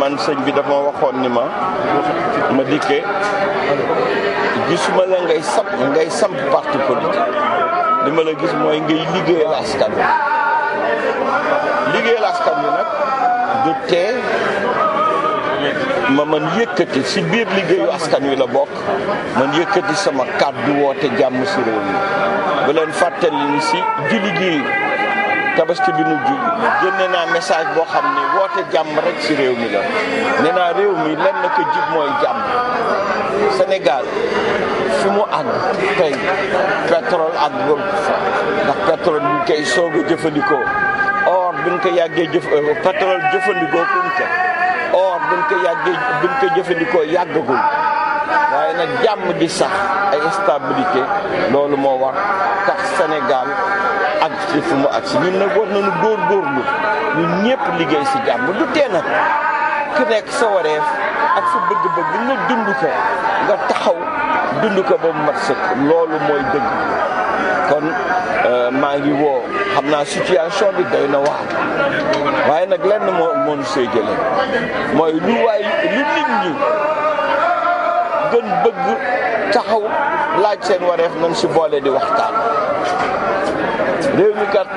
man sëñ bi dafa ma waxoon ni ma ma dikkee gisuma la ngay samp ngay samp parti politique li ma la gis mooy ngay liggéeyal askan wi liggéeyal askan wi nag du tee ma man yëkkati si biir liggéeyu askan wi la bokk mën yëkkati sama kàddu woote jàmm si réew mi ba fàttali ni si julli gi tabaski bi nu ju génne naa message boo xam ni woote jàmm rek ci réew mi la nee naa réew mi lenn ko jib mooy jàmm Sénégal fi mu àgg tey pétrole ak góor fa ndax pétrole bi ñu koy soog a jëfandikoo or bi ñu ko yàggee jëf euh, jëfandikoo kuñ ca or bi ñu ko yàggee bi ñu ko jëfandikoo yàggagul waaye nag jàmm di sax ay stabilité loolu moo war tax Sénégal ak si fu mu ak si ñun nag war nañu góorgóorlu ñun ñëpp liggéey si jàmm du tee nag ku nekk sa wareef ak sa bëgg-bëgg nga dund ko nga taxaw dund ko ba mu mat sëkk loolu mooy dëgg kon euh, maa ngi woo xam naa situation bi doy na waar waaye nag lenn moo moonu see jële mooy lu waay lu nit ñi gën bëgg taxaw laaj seen wareef nañ si boole di waxtaan réew mi kat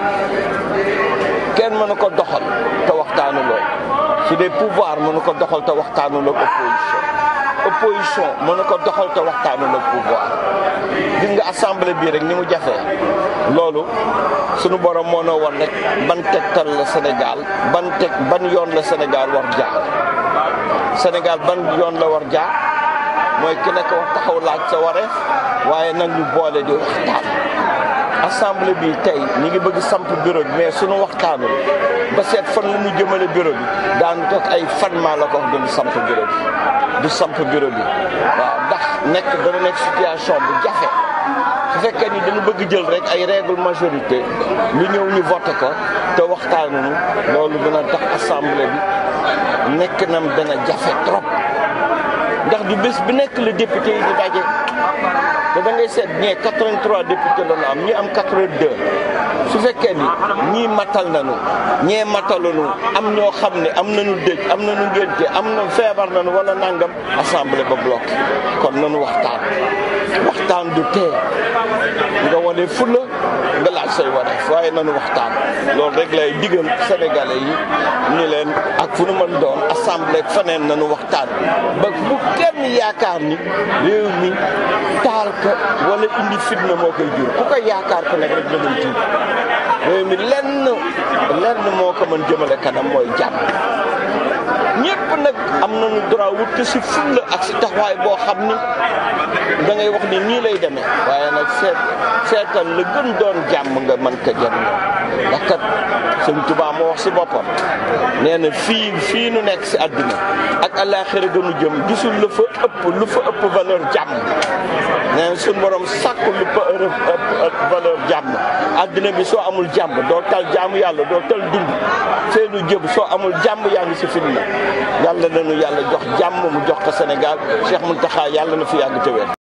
kenn mënu ko doxal te waxtaanu loo su dee pouvoir mënu ko doxal te waxtaanu loo opposition opposition mënu ko doxal te waxtaanu loo pouvoir gis nga assemblée bii rek ni mu jafee loolu sunu boroom moo noo war rek ban tegtal la Sénégal ban teg yoon la Sénégal war jaar Sénégal ban yoon la war jaar mooy ki nekk wax taxaw laaj sa waaye nag ñu boole di waxtaan assemblée bi tey ñi ngi bëgg samp bureau mais suñu waxtaanul ba seet fan la ñu jëmale bureau bi daan toog ay fan maa la ko wax du samp bureau bi du samp bureau bi ndax nekk dana nekk situation bu jafe su fekkee ni dañu bëgg jël rek ay règle majorité lu ñëw ñu voté ko te waxtaanunu loolu dina tax assemblée bi nekk na dana jafe trop ndax du bés bu nekk la député yi di daje te da ngay seet ñee 83 député lañu am ñi am 82 su fekkee ni ñii matal nañu ñee matalanu am ñoo xam ne am nañu dëj am nañu ngénte am na feebar nañu walla nàngam assemblée ba bloqué kon nañu waxtaan waxtaan du tee nga wane fula nga laaj say wareef waaye nañu waxtaan loolu rek lay digal sénégalais yi ni leen ak fu nu mën doon assemblée ak faneen nañu waxtaan ba bu kenn yaakaar ni réew mi taal ko wala indi fitna moo koy jur ku ko yaakaar ko nekk rek la muy jur mi lenn lenn moo ko mën jëmale kanam mooy jàmm ñëpp nag am nañu droit wut ko si fulla ak si taxawaay boo xam ni da ngay wax ni nii lay demee waaye nag seet seetal la gën doon jàmm nga mën ko jëm ndax kat sëñ Tuubaa moo wax si boppam nee na fii fii nu nekk si àddina ak àllaaxira gënu jëm gisul lu fa ëpp lu fa ëpp valeur jàmm nee na suñ borom sàkku lu fa ëpp valeur jàmm àddina bi soo amul jàmm doo tal jàmm yàlla doo tal dund seenu jëm soo amul jàmm yaa ngi si fitna yàlla nañu yàlla jox jàmm mu jox ko Sénégal Cheikh Mountakha yàlla na fi yàgg te wér